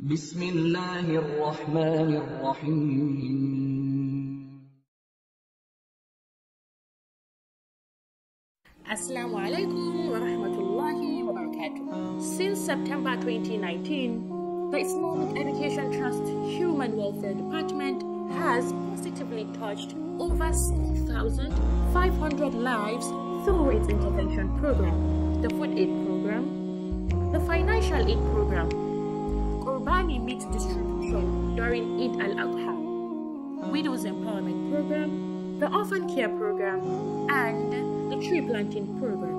بسم الله الرحمن الرحيم Assalamu alaikum wa rahmatullahi wa barakatuh. Since September 2019, the Islamic Education Trust Human Welfare Department has positively touched over 6,500 lives through its intervention program, the food aid program, the financial aid program, Kobani meat distribution during Eid al-Adha, Widows Empowerment Program, the Orphan Care Program, and the Tree Planting Program.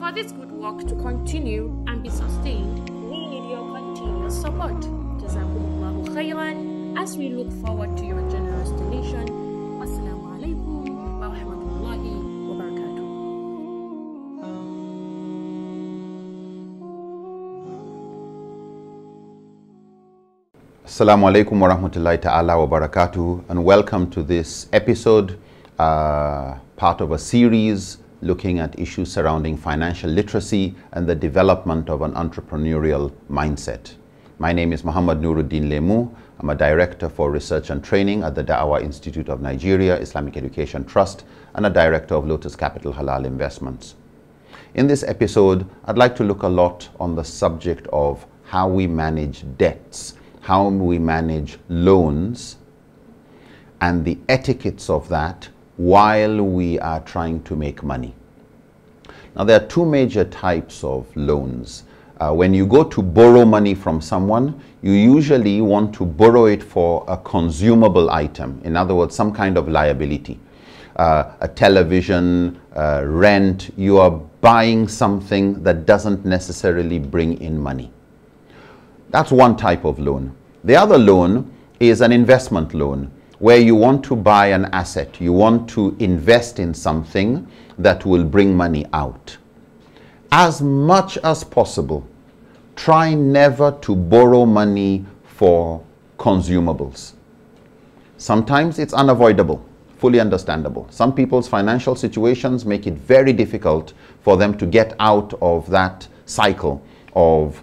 For this good work to continue and be sustained, we need your continued support. Jazakumullahu khairan as we look forward to your generous donation Assalamu alaikum warahmatullahi ta'ala wa barakatuh and welcome to this episode, uh, part of a series looking at issues surrounding financial literacy and the development of an entrepreneurial mindset. My name is Muhammad Nuruddin Lemu. I'm a director for research and training at the Da'awa Institute of Nigeria Islamic Education Trust and a director of Lotus Capital Halal Investments. In this episode, I'd like to look a lot on the subject of how we manage debts how we manage loans and the etiquettes of that while we are trying to make money. Now there are two major types of loans. Uh, when you go to borrow money from someone, you usually want to borrow it for a consumable item. In other words, some kind of liability. Uh, a television, uh, rent, you are buying something that doesn't necessarily bring in money. That's one type of loan. The other loan is an investment loan where you want to buy an asset. You want to invest in something that will bring money out. As much as possible, try never to borrow money for consumables. Sometimes it's unavoidable, fully understandable. Some people's financial situations make it very difficult for them to get out of that cycle of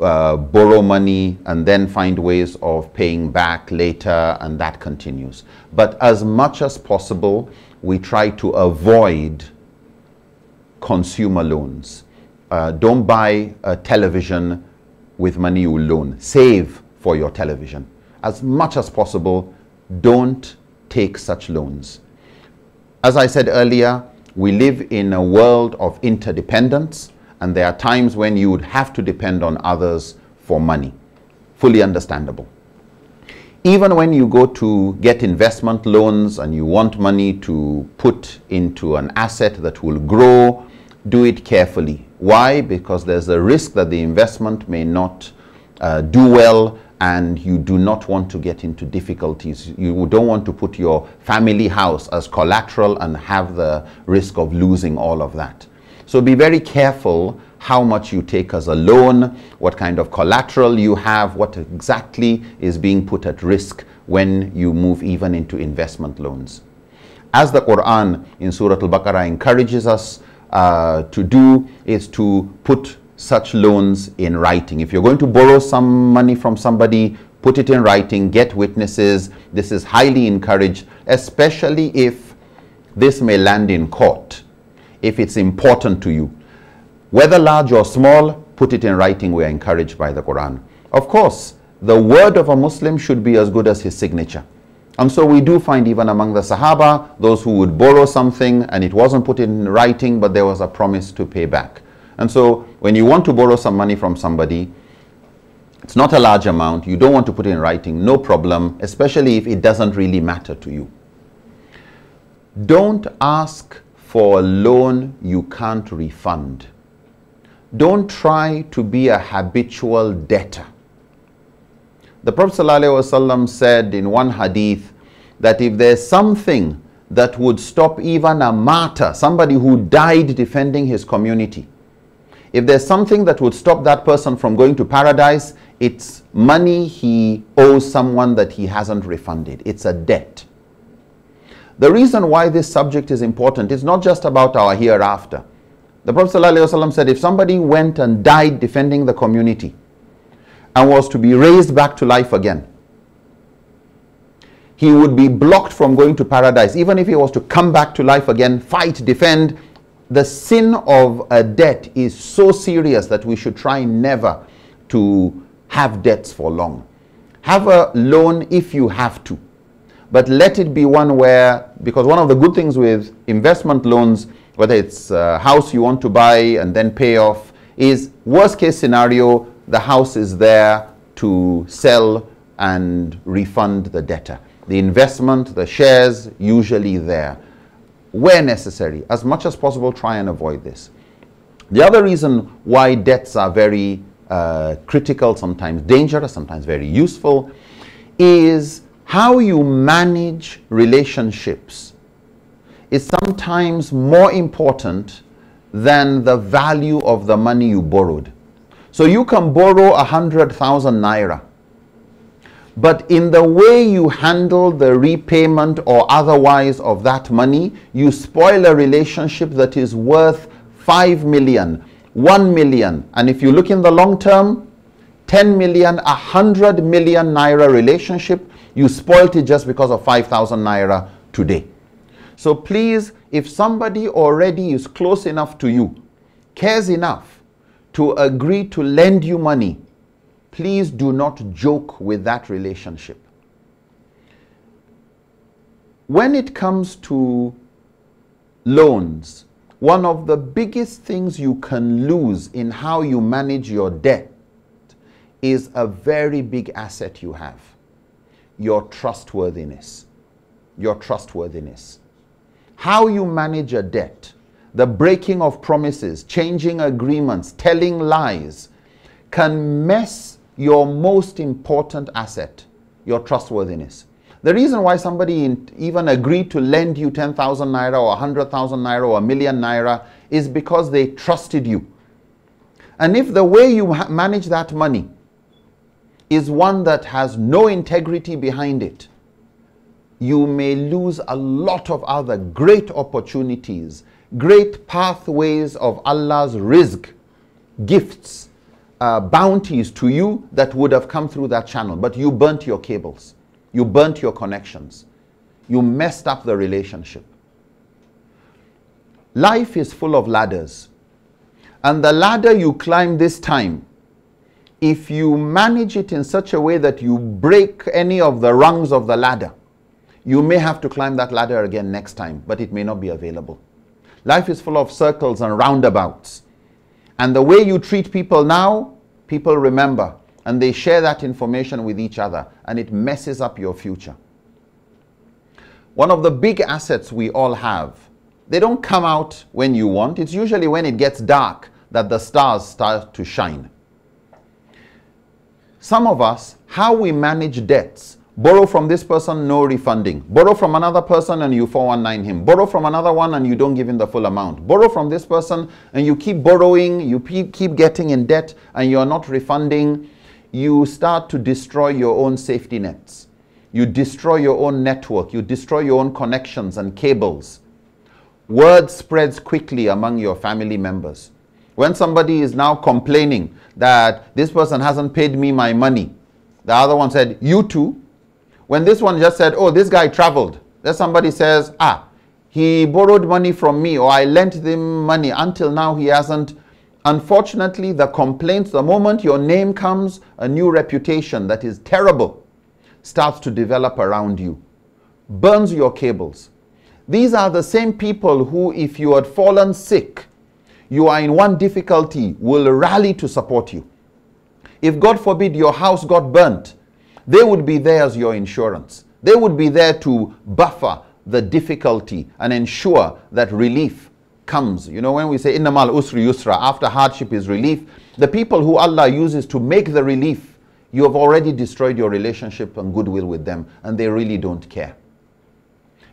uh, borrow money and then find ways of paying back later and that continues. But as much as possible, we try to avoid consumer loans. Uh, don't buy a television with money you loan. Save for your television. As much as possible, don't take such loans. As I said earlier, we live in a world of interdependence and there are times when you would have to depend on others for money. Fully understandable. Even when you go to get investment loans and you want money to put into an asset that will grow, do it carefully. Why? Because there's a risk that the investment may not uh, do well and you do not want to get into difficulties. You don't want to put your family house as collateral and have the risk of losing all of that. So be very careful how much you take as a loan, what kind of collateral you have, what exactly is being put at risk when you move even into investment loans. As the Quran in Surah Al-Baqarah encourages us uh, to do is to put such loans in writing. If you're going to borrow some money from somebody, put it in writing, get witnesses. This is highly encouraged, especially if this may land in court if it's important to you. Whether large or small, put it in writing. We are encouraged by the Quran. Of course, the word of a Muslim should be as good as his signature. And so we do find even among the Sahaba those who would borrow something and it wasn't put in writing, but there was a promise to pay back. And so when you want to borrow some money from somebody, it's not a large amount, you don't want to put it in writing, no problem, especially if it doesn't really matter to you. Don't ask for a loan you can't refund. Don't try to be a habitual debtor. The Prophet ﷺ said in one hadith that if there's something that would stop even a martyr, somebody who died defending his community, if there's something that would stop that person from going to paradise, it's money he owes someone that he hasn't refunded. It's a debt. The reason why this subject is important is not just about our hereafter. The Prophet ﷺ said if somebody went and died defending the community and was to be raised back to life again, he would be blocked from going to paradise. Even if he was to come back to life again, fight, defend, the sin of a debt is so serious that we should try never to have debts for long. Have a loan if you have to but let it be one where, because one of the good things with investment loans, whether it's a house you want to buy and then pay off, is worst case scenario, the house is there to sell and refund the debtor. The investment, the shares, usually there. Where necessary, as much as possible, try and avoid this. The other reason why debts are very uh, critical, sometimes dangerous, sometimes very useful, is how you manage relationships is sometimes more important than the value of the money you borrowed. So you can borrow a hundred thousand naira, but in the way you handle the repayment or otherwise of that money, you spoil a relationship that is worth five million, one million, and if you look in the long term, 10 million, 100 million naira relationship you spoilt it just because of 5,000 naira today. So please, if somebody already is close enough to you, cares enough to agree to lend you money, please do not joke with that relationship. When it comes to loans, one of the biggest things you can lose in how you manage your debt is a very big asset you have your trustworthiness. Your trustworthiness. How you manage a debt, the breaking of promises, changing agreements, telling lies, can mess your most important asset, your trustworthiness. The reason why somebody even agreed to lend you 10,000 naira or 100,000 naira or a million naira is because they trusted you. And if the way you manage that money is one that has no integrity behind it, you may lose a lot of other great opportunities, great pathways of Allah's rizq, gifts, uh, bounties to you that would have come through that channel. But you burnt your cables, you burnt your connections, you messed up the relationship. Life is full of ladders. And the ladder you climb this time if you manage it in such a way that you break any of the rungs of the ladder, you may have to climb that ladder again next time, but it may not be available. Life is full of circles and roundabouts. And the way you treat people now, people remember. And they share that information with each other. And it messes up your future. One of the big assets we all have, they don't come out when you want. It's usually when it gets dark that the stars start to shine. Some of us, how we manage debts, borrow from this person, no refunding. Borrow from another person and you 419 him. Borrow from another one and you don't give him the full amount. Borrow from this person and you keep borrowing, you keep getting in debt and you're not refunding. You start to destroy your own safety nets. You destroy your own network. You destroy your own connections and cables. Word spreads quickly among your family members. When somebody is now complaining that this person hasn't paid me my money, the other one said, You too. When this one just said, Oh, this guy traveled, then somebody says, Ah, he borrowed money from me or I lent him money until now he hasn't. Unfortunately, the complaints, the moment your name comes, a new reputation that is terrible starts to develop around you, burns your cables. These are the same people who, if you had fallen sick, you are in one difficulty will rally to support you. If God forbid your house got burnt, they would be there as your insurance. They would be there to buffer the difficulty and ensure that relief comes. You know, when we say innamal usri yusra, after hardship is relief, the people who Allah uses to make the relief, you have already destroyed your relationship and goodwill with them, and they really don't care.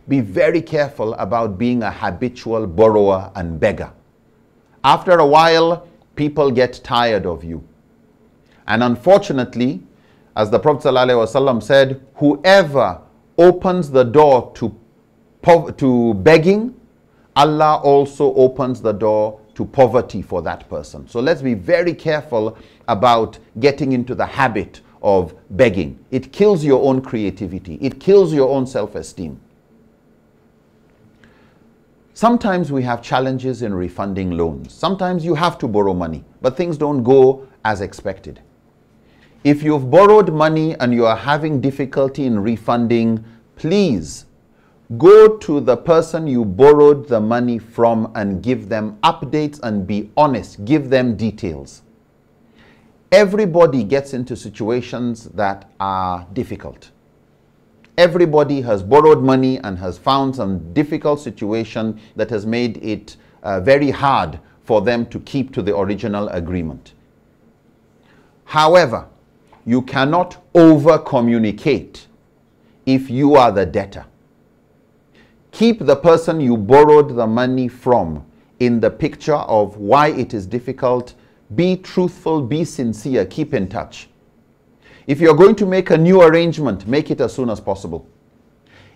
Be very careful about being a habitual borrower and beggar. After a while, people get tired of you. And unfortunately, as the Prophet ﷺ said, whoever opens the door to, to begging, Allah also opens the door to poverty for that person. So let's be very careful about getting into the habit of begging. It kills your own creativity. It kills your own self-esteem. Sometimes we have challenges in refunding loans. Sometimes you have to borrow money, but things don't go as expected. If you've borrowed money and you are having difficulty in refunding, please go to the person you borrowed the money from and give them updates and be honest. Give them details. Everybody gets into situations that are difficult. Everybody has borrowed money and has found some difficult situation that has made it uh, very hard for them to keep to the original agreement. However, you cannot over communicate if you are the debtor. Keep the person you borrowed the money from in the picture of why it is difficult. Be truthful, be sincere, keep in touch. If you're going to make a new arrangement, make it as soon as possible.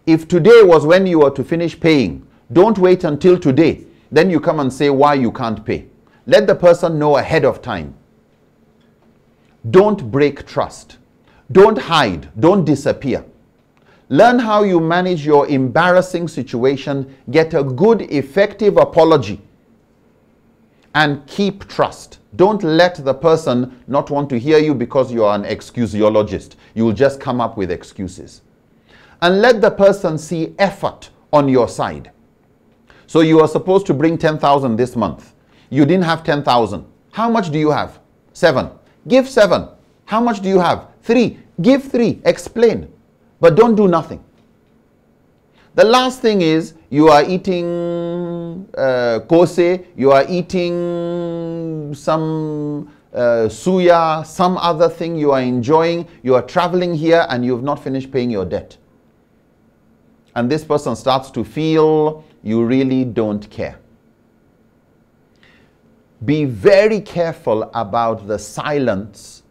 If today was when you were to finish paying, don't wait until today. Then you come and say why you can't pay. Let the person know ahead of time. Don't break trust. Don't hide. Don't disappear. Learn how you manage your embarrassing situation. Get a good, effective apology and keep trust. Don't let the person not want to hear you because you are an excusiologist. You will just come up with excuses. And let the person see effort on your side. So you are supposed to bring 10,000 this month. You didn't have 10,000. How much do you have? Seven. Give seven. How much do you have? Three. Give three. Explain. But don't do nothing. The last thing is you are eating uh, kose, you are eating some uh, suya, some other thing you are enjoying, you are traveling here and you've not finished paying your debt. And this person starts to feel you really don't care. Be very careful about the silence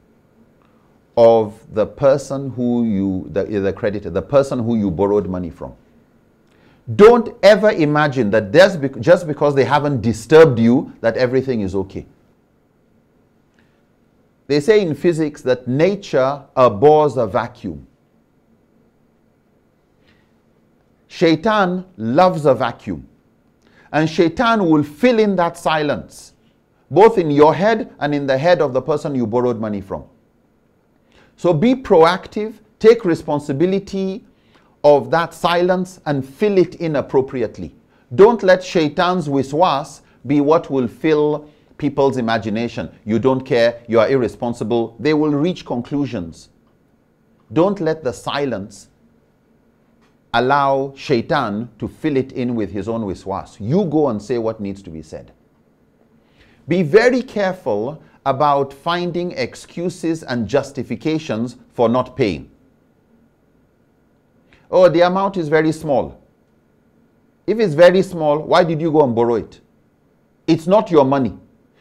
of the person who you, the, the creditor, the person who you borrowed money from. Don't ever imagine that just because they haven't disturbed you, that everything is okay. They say in physics that nature abhors a vacuum. Shaitan loves a vacuum. And Shaitan will fill in that silence, both in your head and in the head of the person you borrowed money from. So be proactive, take responsibility, of that silence and fill it in appropriately. Don't let shaitan's wiswas be what will fill people's imagination. You don't care, you are irresponsible. They will reach conclusions. Don't let the silence allow shaitan to fill it in with his own wiswas. You go and say what needs to be said. Be very careful about finding excuses and justifications for not paying. Oh, the amount is very small. If it's very small, why did you go and borrow it? It's not your money.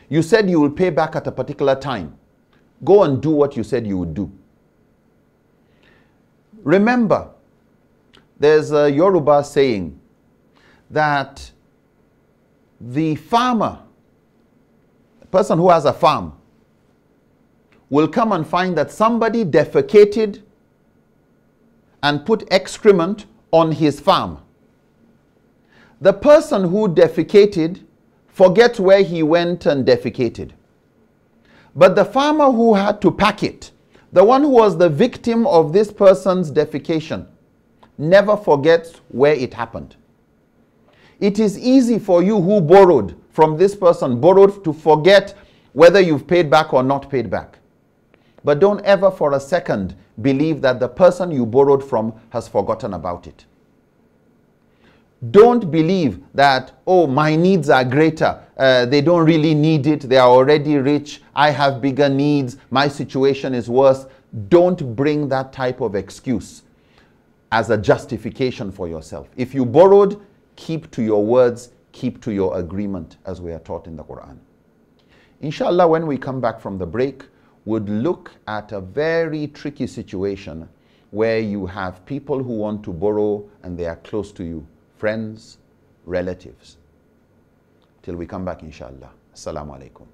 You said you will pay back at a particular time. Go and do what you said you would do. Remember, there's a Yoruba saying that the farmer, the person who has a farm, will come and find that somebody defecated and put excrement on his farm. The person who defecated forgets where he went and defecated. But the farmer who had to pack it, the one who was the victim of this person's defecation, never forgets where it happened. It is easy for you who borrowed from this person, borrowed to forget whether you've paid back or not paid back. But don't ever for a second believe that the person you borrowed from has forgotten about it. Don't believe that, oh, my needs are greater. Uh, they don't really need it. They are already rich. I have bigger needs. My situation is worse. Don't bring that type of excuse as a justification for yourself. If you borrowed, keep to your words, keep to your agreement, as we are taught in the Quran. Inshallah, when we come back from the break, would look at a very tricky situation where you have people who want to borrow and they are close to you, friends, relatives. Till we come back, inshallah. Assalamu alaikum.